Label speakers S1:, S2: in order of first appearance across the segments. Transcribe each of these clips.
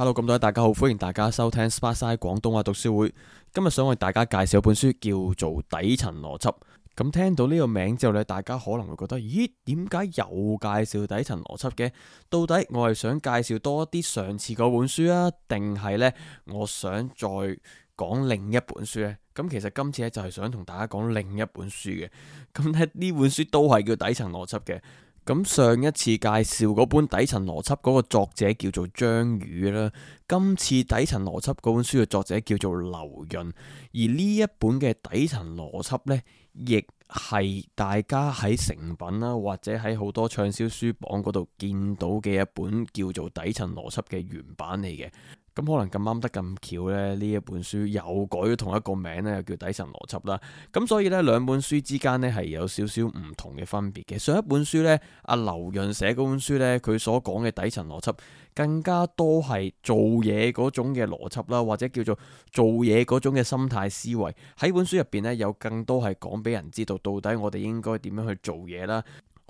S1: hello，咁多位大家好，歡迎大家收聽《Sparksine 廣東話讀書會》。今日想為大家介紹一本書，叫做《底層邏輯》。咁聽到呢個名之後呢，大家可能會覺得，咦，點解又介紹底層邏輯嘅？到底我係想介紹多啲上次嗰本書啊，定係呢？我想再講另一本書呢。咁其實今次咧就係想同大家講另一本書嘅。咁咧呢本書都係叫《底層邏輯》嘅。咁上一次介紹嗰本底層邏輯嗰個作者叫做張宇啦，今次底層邏輯嗰本書嘅作者叫做劉潤，而呢一本嘅底層邏輯呢，亦係大家喺成品啦，或者喺好多暢銷書榜嗰度見到嘅一本叫做底層邏輯嘅原版嚟嘅。咁可能咁啱得咁巧呢，呢一本書又改咗同一個名呢，又叫底層邏輯啦。咁所以呢兩本書之間呢，係有少少唔同嘅分別嘅。上一本書呢，阿劉潤寫嗰本書呢，佢所講嘅底層邏輯更加多係做嘢嗰種嘅邏輯啦，或者叫做做嘢嗰種嘅心態思維。喺本書入邊呢，有更多係講俾人知道到底我哋應該點樣去做嘢啦。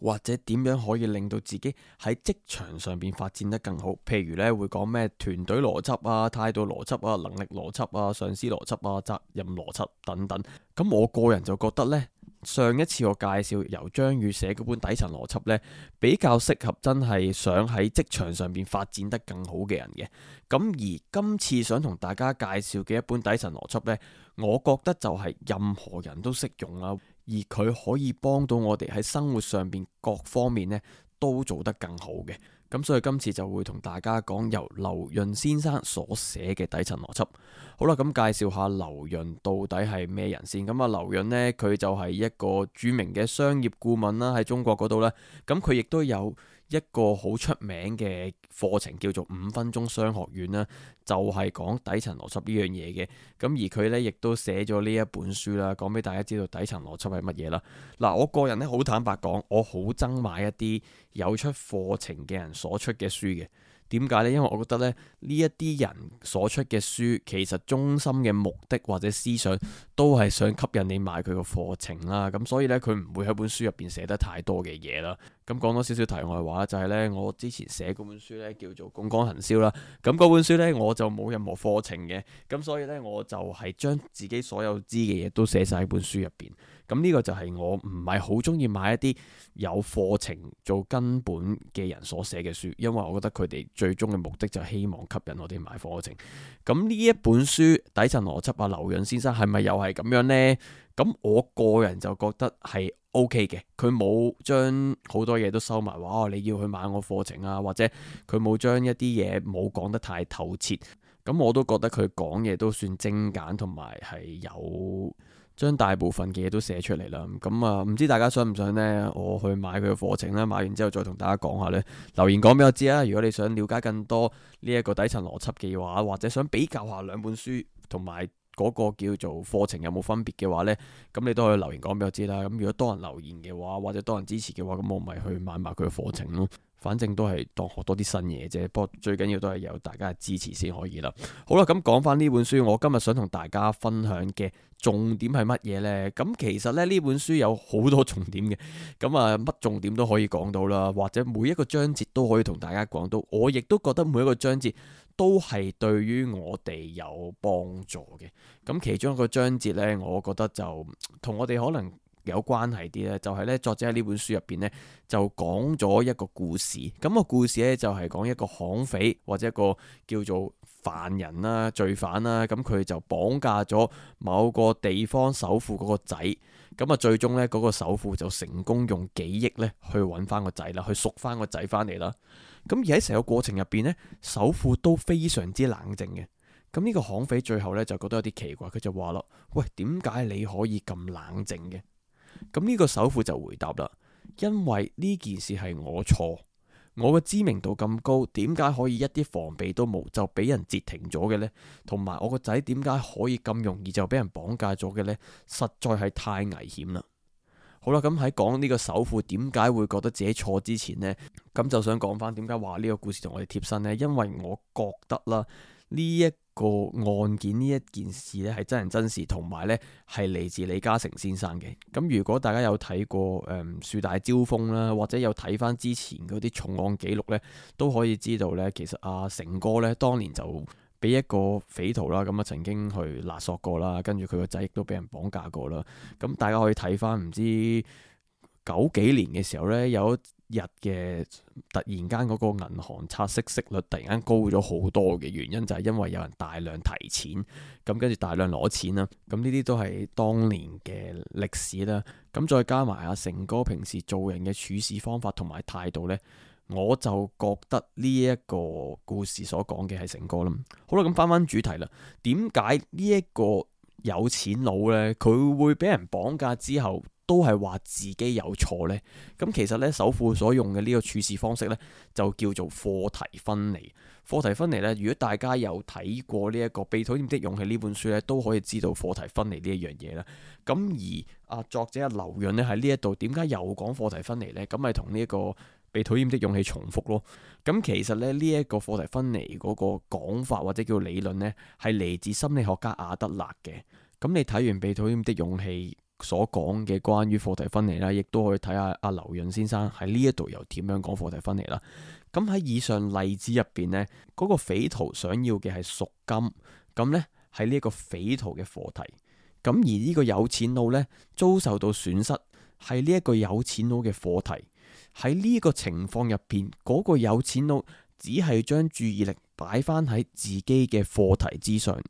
S1: 或者點樣可以令到自己喺職場上邊發展得更好？譬如咧會講咩團隊邏輯啊、態度邏輯啊、能力邏輯啊、上司邏輯啊、責任邏輯等等。咁我個人就覺得呢，上一次我介紹由張宇寫嗰本底層邏輯呢，比較適合真係想喺職場上邊發展得更好嘅人嘅。咁而今次想同大家介紹嘅一本底層邏輯呢，我覺得就係任何人都適用啦。而佢可以幫到我哋喺生活上邊各方面咧，都做得更好嘅。咁所以今次就會同大家講由劉潤先生所寫嘅底層邏輯。好啦，咁介紹下劉潤到底係咩人先。咁啊，劉潤呢，佢就係一個著名嘅商業顧問啦，喺中國嗰度咧，咁佢亦都有。一個好出名嘅課程叫做五分鐘商學院啦，就係講底層邏輯呢樣嘢嘅。咁而佢呢亦都寫咗呢一本書啦，講俾大家知道底層邏輯係乜嘢啦。嗱，我個人呢好坦白講，我好憎買一啲有出課程嘅人所出嘅書嘅。點解呢？因為我覺得呢，呢一啲人所出嘅書，其實中心嘅目的或者思想，都係想吸引你買佢個課程啦，咁所以呢，佢唔會喺本書入邊寫得太多嘅嘢啦。咁、嗯、講多少少題外話，就係、是、呢：我之前寫嗰本書呢，叫做《槓桿行銷》啦。咁嗰本書呢，我就冇任何課程嘅，咁所以呢，我就係將自己所有知嘅嘢都寫晒喺本書入邊。咁呢個就係我唔係好中意買一啲有課程做根本嘅人所寫嘅書，因為我覺得佢哋最終嘅目的就希望吸引我哋買課程。咁呢一本書底層邏輯啊，劉潤先生係咪又係？係咁樣呢，咁我個人就覺得係 O K 嘅，佢冇將好多嘢都收埋，話你要去買我課程啊，或者佢冇將一啲嘢冇講得太透徹，咁我都覺得佢講嘢都算精簡，同埋係有將大部分嘅嘢都寫出嚟啦。咁、嗯、啊，唔知大家想唔想呢？我去買佢嘅課程啦，買完之後再同大家講下呢，留言講俾我知啊！如果你想了解更多呢一個底層邏輯嘅話，或者想比較下兩本書，同埋。嗰個叫做課程有冇分別嘅話呢？咁你都可以留言講俾我知啦。咁如果多人留言嘅話，或者多人支持嘅話，咁我咪去買埋佢嘅課程咯。反正都係當學多啲新嘢啫。不過最緊要都係有大家嘅支持先可以啦。好啦，咁講翻呢本書，我今日想同大家分享嘅重點係乜嘢呢？咁其實呢呢本書有好多重點嘅，咁啊乜重點都可以講到啦，或者每一個章節都可以同大家講到。我亦都覺得每一個章節，都係對於我哋有幫助嘅。咁其中一個章節呢，我覺得就同我哋可能有關係啲咧，就係、是、呢作者喺呢本書入邊呢，就講咗一個故事。咁、那個故事呢，就係、是、講一個悍匪或者一個叫做犯人啦、罪犯啦，咁佢就綁架咗某個地方首富嗰個仔。咁啊，最終呢，嗰、那個首富就成功用幾億呢，去揾翻個仔啦，去贖翻個仔翻嚟啦。咁而喺成個過程入邊呢，首富都非常之冷靜嘅。咁呢個悍匪最後呢，就覺得有啲奇怪，佢就話啦：喂，點解你可以咁冷靜嘅？咁呢個首富就回答啦：因為呢件事係我錯，我嘅知名度咁高，點解可以一啲防備都冇就俾人截停咗嘅呢？同埋我個仔點解可以咁容易就俾人綁架咗嘅呢？實在係太危險啦。好啦，咁喺講呢個首富點解會覺得自己錯之前呢，咁就想講翻點解話呢個故事同我哋貼身呢？因為我覺得啦，呢一個案件呢一件事呢係真人真事，同埋呢係嚟自李嘉誠先生嘅。咁如果大家有睇過誒《樹大招風》啦，或者有睇翻之前嗰啲重案記錄呢，都可以知道呢，其實阿成哥呢當年就。俾一個匪徒啦，咁啊曾經去勒索過啦，跟住佢個仔亦都俾人綁架過啦。咁大家可以睇返，唔知九幾年嘅時候呢，有一日嘅突然間嗰個銀行拆息息率突然間高咗好多嘅原因就係因為有人大量提錢，咁跟住大量攞錢啦。咁呢啲都係當年嘅歷史啦。咁再加埋阿成哥平時做人嘅處事方法同埋態度呢。我就覺得呢一個故事所講嘅係誠哥啦。好啦，咁返返主題啦。點解呢一個有錢佬呢？佢會畀人綁架之後都係話自己有錯呢？咁其實呢，首富所用嘅呢個處事方式呢，就叫做課題分離。課題分離呢，如果大家有睇過呢一個《被討厭的勇氣》呢本書呢，都可以知道課題分離呢一樣嘢啦。咁而作者阿劉潤咧喺呢一度，點解又講課題分離呢？咁咪同呢個？被討厭的勇氣重複咯，咁其實咧呢一個課題分離嗰個講法或者叫理論呢，係嚟自心理學家阿德勒嘅。咁你睇完被討厭的勇氣所講嘅關於課題分離啦，亦都可以睇下阿劉潤先生喺呢一度又點樣講課題分離啦。咁喺以上例子入邊呢，嗰個匪徒想要嘅係贖金，咁呢係呢一個匪徒嘅課題，咁而呢個有錢佬呢，遭受到損失，係呢一個有錢佬嘅課題。喺呢個情況入邊，嗰個有錢佬只係將注意力擺翻喺自己嘅課題之上，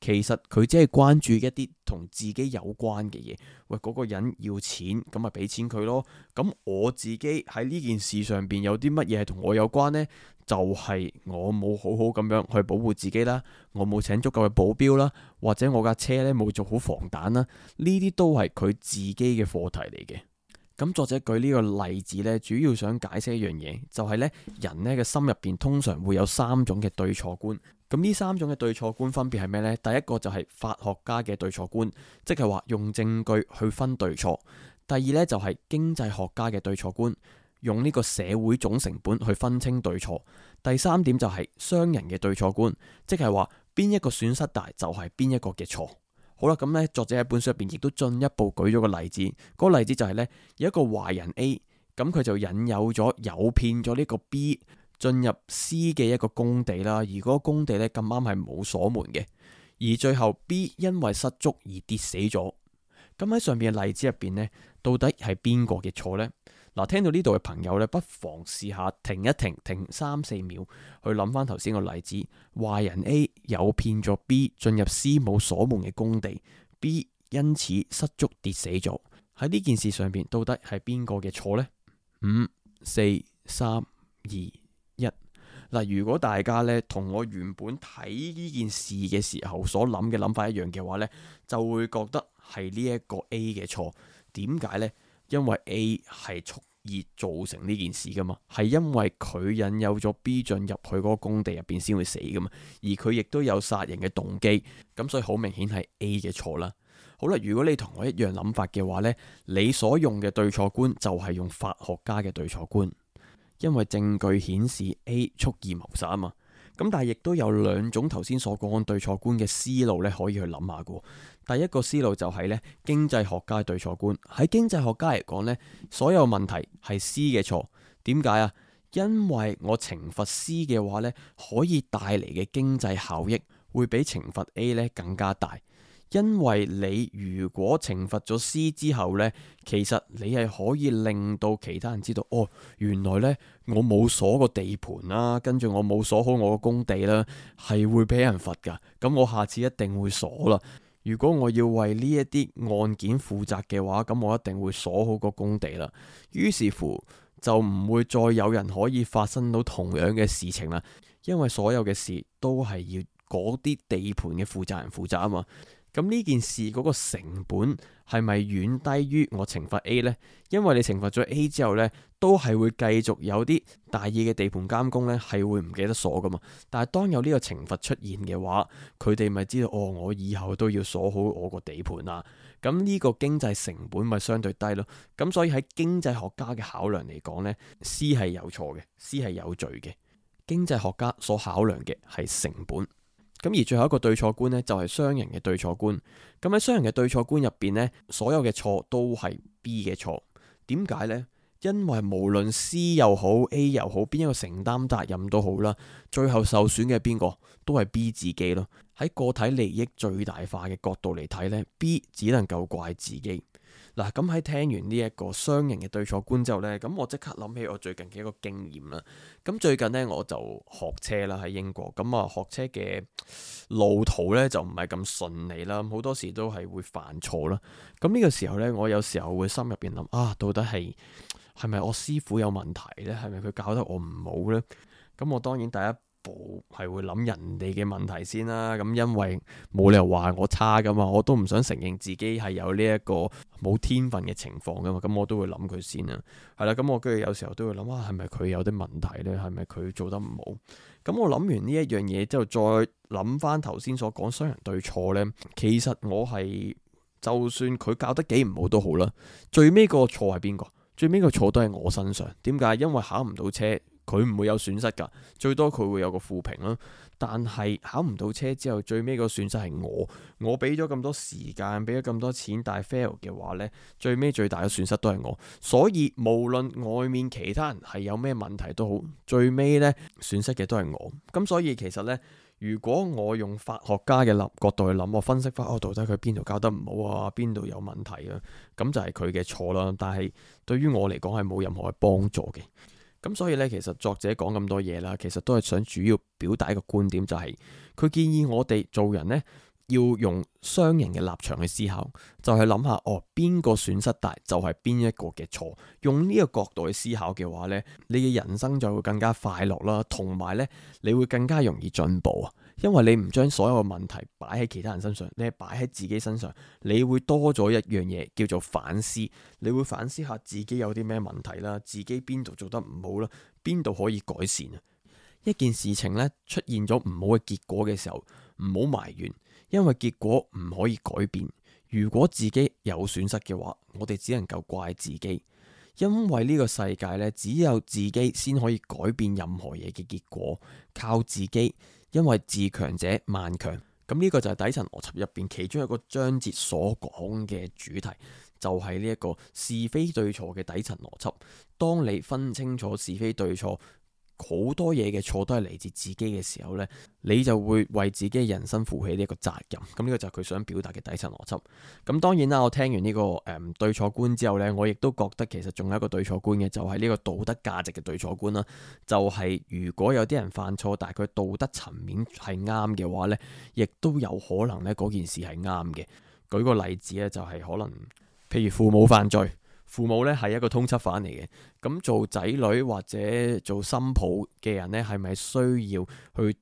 S1: 其實佢只係關注一啲同自己有關嘅嘢。喂，嗰個人要錢，咁咪俾錢佢咯。咁我自己喺呢件事上邊有啲乜嘢係同我有關呢？就係我冇好好咁樣去保護自己啦，我冇請足夠嘅保鏢啦，或者我架車呢冇做好防彈啦，呢啲都係佢自己嘅課題嚟嘅。咁作者舉呢個例子呢，主要想解釋一樣嘢，就係呢：人呢嘅心入邊通常會有三種嘅對錯觀。咁呢三種嘅對錯觀分別係咩呢？第一個就係法學家嘅對錯觀，即係話用證據去分對錯。第二呢，就係經濟學家嘅對錯觀，用呢個社會總成本去分清對錯。第三點就係商人嘅對錯觀，即係話邊一個損失大就係邊一個嘅錯。好啦，咁咧作者喺本書入邊亦都進一步舉咗個例子，嗰、那個例子就係咧有一個壞人 A，咁佢就引誘咗、誘騙咗呢個 B 進入 C 嘅一個工地啦。而嗰個工地咧咁啱係冇鎖門嘅，而最後 B 因為失足而跌死咗。咁喺上邊嘅例子入邊咧，到底係邊個嘅錯呢？嗱，聽到呢度嘅朋友咧，不妨試下停一停，停三四秒，去諗翻頭先個例子。壞人 A 有騙咗 B 進入 C 冇鎖門嘅工地，B 因此失足跌死咗。喺呢件事上邊，到底係邊個嘅錯咧？五、四、三、二、一。嗱，如果大家咧同我原本睇呢件事嘅時候所諗嘅諗法一樣嘅話咧，就會覺得係呢一個 A 嘅錯，點解咧？因為 A 係。而造成呢件事噶嘛，係因為佢引誘咗 B 進入去個工地入邊先會死噶嘛，而佢亦都有殺人嘅動機，咁所以好明顯係 A 嘅錯啦。好啦，如果你同我一樣諗法嘅話咧，你所用嘅對錯觀就係用法學家嘅對錯觀，因為證據顯示 A 蓄意謀殺啊嘛。咁但係亦都有兩種頭先所講對錯觀嘅思路咧，可以去諗下嘅。第一個思路就係咧，經濟學家對錯觀。喺經濟學家嚟講咧，所有問題係 C 嘅錯。點解啊？因為我懲罰 C 嘅話咧，可以帶嚟嘅經濟效益會比懲罰 A 咧更加大。因為你如果懲罰咗師之後呢，其實你係可以令到其他人知道，哦，原來呢，我冇鎖個地盤啦，啊，跟住我冇鎖好我個工地啦，啊，係會俾人罰噶。咁我下次一定會鎖啦。如果我要為呢一啲案件負責嘅話，咁我一定會鎖好個工地啦。於是乎就唔會再有人可以發生到同樣嘅事情啦。因為所有嘅事都係要嗰啲地盤嘅負責人負責啊嘛。咁呢件事嗰個成本係咪遠低於我懲罰 A 呢？因為你懲罰咗 A 之後呢，都係會繼續有啲大嘢嘅地盤監工呢，係會唔記得鎖噶嘛？但係當有呢個懲罰出現嘅話，佢哋咪知道哦，我以後都要鎖好我個地盤啊！咁呢個經濟成本咪相對低咯。咁所以喺經濟學家嘅考量嚟講呢，C 係有錯嘅，C 係有罪嘅。經濟學家所考量嘅係成本。咁而最後一個對錯觀呢，就係商人嘅對錯觀。咁喺商人嘅對錯觀入邊呢，所有嘅錯都係 B 嘅錯。點解呢？因為無論 C 又好，A 又好，邊一個承擔責任都好啦，最後受損嘅邊個都係 B 自己咯。喺個體利益最大化嘅角度嚟睇呢，B 只能夠怪自己。嗱，咁喺聽完呢一個雙贏嘅對錯觀之後呢，咁我即刻諗起我最近嘅一個經驗啦。咁最近呢，我就學車啦喺英國。咁啊，學車嘅路途呢，就唔係咁順利啦，好多時都係會犯錯啦。咁呢個時候呢，我有時候會心入邊諗「啊，到底係係咪我師傅有問題呢？係咪佢教得我唔好呢？」咁我當然第一，係會諗人哋嘅問題先啦、啊，咁因為冇理由話我差噶嘛，我都唔想承認自己係有呢一個冇天分嘅情況噶嘛，咁我都會諗佢先啊，係啦，咁我跟住有時候都會諗下係咪佢有啲問題呢？係咪佢做得唔好？咁我諗完呢一樣嘢之後，再諗翻頭先所講雙人對錯呢，其實我係就算佢教得幾唔好都好啦，最尾個錯係邊個？最尾個錯都係我身上，點解？因為考唔到車。佢唔會有損失㗎，最多佢會有個負評咯。但係考唔到車之後，最尾個損失係我，我俾咗咁多時間，俾咗咁多錢，但係 fail 嘅話呢，最尾最大嘅損失都係我。所以無論外面其他人係有咩問題都好，最尾呢，損失嘅都係我。咁所以其實呢，如果我用法學家嘅立角度去諗，我分析翻我、哦、到底佢邊度搞得唔好啊，邊度有問題啊，咁就係佢嘅錯啦。但係對於我嚟講係冇任何嘅幫助嘅。咁所以呢，其實作者講咁多嘢啦，其實都係想主要表達一個觀點，就係，就係佢建議我哋做人呢，要用雙贏嘅立場去思考，就係、是、諗下哦，邊個損失大就係邊一個嘅錯。用呢個角度去思考嘅話呢，你嘅人生就會更加快樂啦，同埋呢你會更加容易進步啊。因為你唔將所有嘅問題擺喺其他人身上，你係擺喺自己身上，你會多咗一樣嘢叫做反思。你會反思下自己有啲咩問題啦，自己邊度做得唔好啦，邊度可以改善啊。一件事情呢，出現咗唔好嘅結果嘅時候，唔好埋怨。因為結果唔可以改變，如果自己有損失嘅話，我哋只能夠怪自己，因為呢個世界咧只有自己先可以改變任何嘢嘅結果，靠自己，因為自強者萬強。咁、這、呢個就係底層邏輯入邊其中一個章節所講嘅主題，就係呢一個是非對錯嘅底層邏輯。當你分清楚是非對錯。好多嘢嘅錯都係嚟自自己嘅時候呢，你就會為自己嘅人生負起呢個責任。咁呢個就係佢想表達嘅底層邏輯。咁當然啦，我聽完呢個誒對錯觀之後呢，我亦都覺得其實仲有一個對錯觀嘅，就係呢個道德價值嘅對錯觀啦。就係如果有啲人犯錯，但係佢道德層面係啱嘅話呢，亦都有可能呢，嗰件事係啱嘅。舉個例子呢，就係可能譬如父母犯罪。父母咧係一個通緝犯嚟嘅，咁做仔女或者做新抱嘅人咧，係咪需要去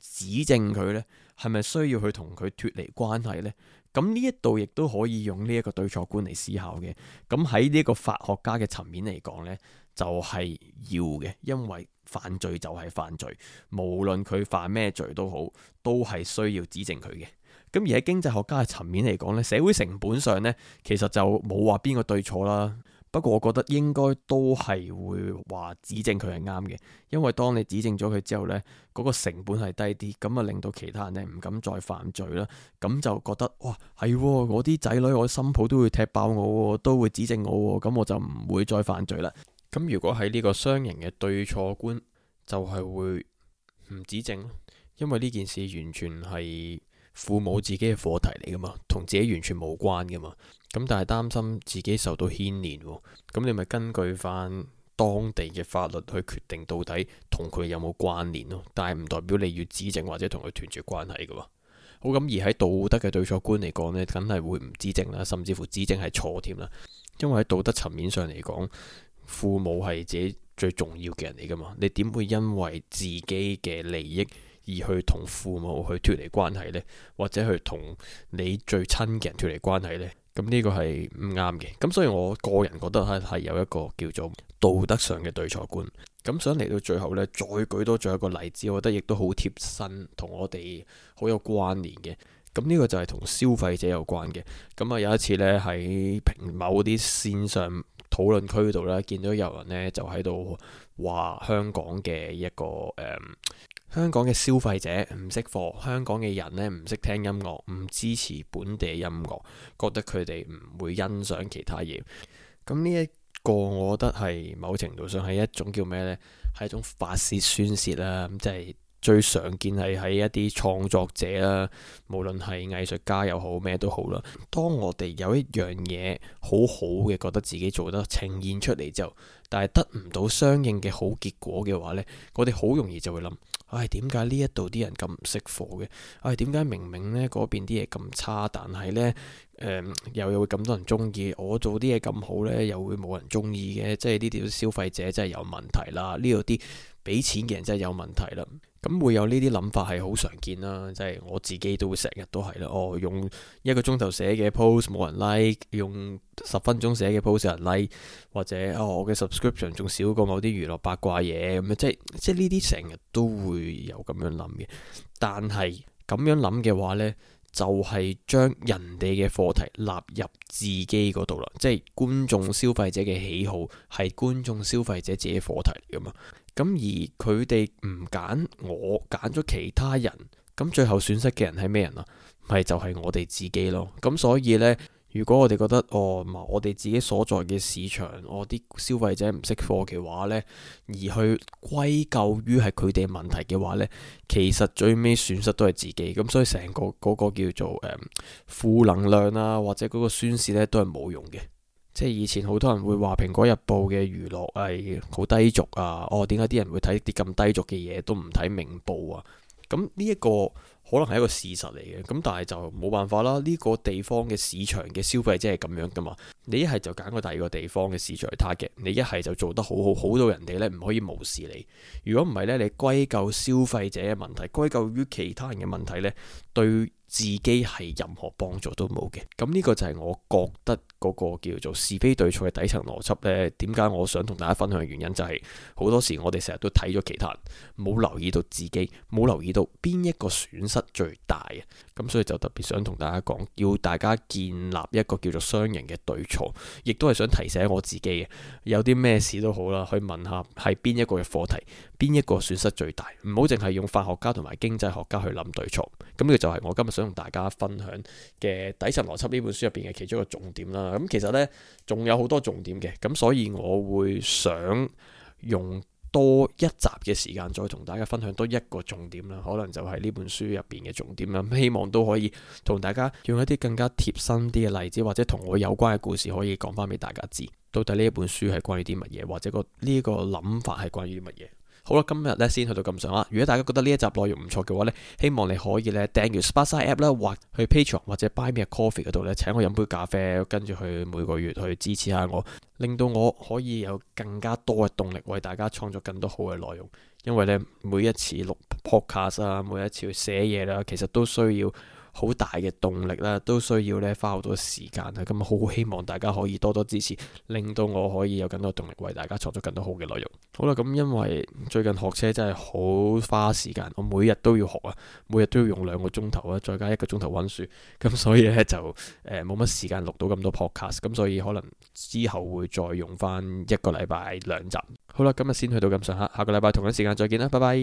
S1: 指證佢呢？係咪需要去同佢脱離關係呢？咁呢一度亦都可以用呢一個對錯觀嚟思考嘅。咁喺呢個法學家嘅層面嚟講呢，就係要嘅，因為犯罪就係犯罪，無論佢犯咩罪都好，都係需要指證佢嘅。咁而喺經濟學家嘅層面嚟講呢，社會成本上呢，其實就冇話邊個對錯啦。不過，我覺得應該都係會話指正佢係啱嘅，因為當你指正咗佢之後呢，嗰、那個成本係低啲，咁啊令到其他人呢唔敢再犯罪啦。咁就覺得哇，係我啲仔女，我心抱都會踢爆我，都會指正我，咁我就唔會再犯罪啦。咁如果喺呢個雙型嘅對錯觀就，就係會唔指正，因為呢件事完全係父母自己嘅課題嚟噶嘛，同自己完全冇關噶嘛，咁但係擔心自己受到牽連，咁你咪根據翻當地嘅法律去決定到底同佢有冇關聯咯，但係唔代表你要指證或者同佢斷絕關係噶咯。好，咁而喺道德嘅對錯觀嚟講呢，梗係會唔指證啦，甚至乎指證係錯添啦，因為喺道德層面上嚟講，父母係自己最重要嘅人嚟噶嘛，你點會因為自己嘅利益，而去同父母去脫離關係咧，或者去同你最親嘅人脫離關係咧，咁呢個係唔啱嘅。咁所以我個人覺得咧係有一個叫做道德上嘅對錯觀。咁想嚟到最後呢，再舉多最後一個例子，我覺得亦都好貼身同我哋好有關聯嘅。咁呢個就係同消費者有關嘅。咁啊有一次呢，喺平某啲線上討論區度呢，見到有人呢就喺度話香港嘅一個誒。嗯香港嘅消費者唔識貨，香港嘅人呢唔識聽音樂，唔支持本地音樂，覺得佢哋唔會欣賞其他嘢。咁呢一個，我覺得係某程度上係一種叫咩呢？係一種發泄宣泄啦、啊。咁即係最常見係喺一啲創作者啦、啊，無論係藝術家又好咩都好啦。當我哋有一樣嘢好好嘅，覺得自己做得呈現出嚟之後，但係得唔到相應嘅好結果嘅話呢，我哋好容易就會諗。唉，係點解呢一度啲人咁唔識貨嘅？唉、哎，係點解明明呢嗰邊啲嘢咁差，但係呢、呃、又有咁多人中意？我做啲嘢咁好呢，又會冇人中意嘅？即係呢啲消費者真係有問題啦！呢度啲俾錢嘅人真係有問題啦。咁會有呢啲諗法係好常見啦，即係我自己都會成日都係啦。哦，用一個鐘頭寫嘅 post 冇人 like，用十分鐘寫嘅 post 有人 like，或者哦我嘅 subscription 仲少過某啲娛樂八卦嘢咁樣，即係即係呢啲成日都會有咁樣諗嘅。但係咁樣諗嘅話呢，就係將人哋嘅課題納入自己嗰度啦。即係觀眾消費者嘅喜好係觀眾消費者自己課題嚟噶嘛。咁而佢哋唔揀我揀咗其他人，咁最後損失嘅人係咩人啊？咪就係、是、我哋自己咯。咁所以呢，如果我哋覺得哦，我哋自己所在嘅市場，我、哦、啲消費者唔識貨嘅話呢，而去歸咎於係佢哋問題嘅話呢，其實最尾損失都係自己。咁所以成個嗰、那個叫做、呃、負能量啊，或者嗰個宣泄呢，都係冇用嘅。即係以前好多人會話《蘋果日報》嘅娛樂係好低俗啊，哦，點解啲人會睇啲咁低俗嘅嘢，都唔睇明報啊？咁呢一個可能係一個事實嚟嘅，咁但係就冇辦法啦，呢個地方嘅市場嘅消費者係咁樣噶嘛。你一係就揀個第二個地方嘅市場去睇嘅，你一係就做得好好，好到人哋呢唔可以無視你。如果唔係呢，你歸咎消費者嘅問題，歸咎於其他人嘅問題呢。對自己係任何幫助都冇嘅，咁、這、呢個就係我覺得嗰個叫做是非對錯嘅底層邏輯呢。點解我想同大家分享嘅原因、就是，就係好多時我哋成日都睇咗其他人，冇留意到自己，冇留意到邊一個損失最大啊。咁所以就特別想同大家講，要大家建立一個叫做雙贏嘅對錯，亦都係想提醒我自己，有啲咩事都好啦，去以問下喺邊一個嘅課題。邊一個損失最大？唔好淨係用法學家同埋經濟學家去諗對錯。咁呢個就係我今日想同大家分享嘅底層邏輯呢本書入邊嘅其中一個重點啦。咁其實呢，仲有好多重點嘅，咁所以我會想用多一集嘅時間再同大家分享多一個重點啦。可能就係呢本書入邊嘅重點啦。希望都可以同大家用一啲更加貼身啲嘅例子，或者同我有關嘅故事，可以講翻俾大家知。到底呢一本書係關於啲乜嘢，或者個呢個諗法係關於乜嘢？好啦，今日咧先去到咁上啦。如果大家覺得呢一集內容唔錯嘅話呢，希望你可以呢訂閱 Spotify app 啦，或去 Patreon 或者 Buy Me a Coffee 嗰度呢請我飲杯咖啡，跟住去每個月去支持下我，令到我可以有更加多嘅動力為大家創作更多好嘅內容。因為呢每一次錄 Podcast 啊，每一次要寫嘢啦、啊，其實都需要好大嘅動力啦、啊，都需要咧花好多時間啦、啊，咁好希望大家可以多多支持，令到我可以有更多動力為大家創作更多好嘅內容。好啦，咁因為最近學車真係好花時間，我每日都要學啊，每日都要用兩個鐘頭啊，再加一個鐘頭溫書，咁所以咧就誒冇乜時間錄到咁多 podcast，咁所以可能之後會再用翻一個禮拜兩集。好啦，今日先去到咁上下，下個禮拜同一時間再見啦，拜拜。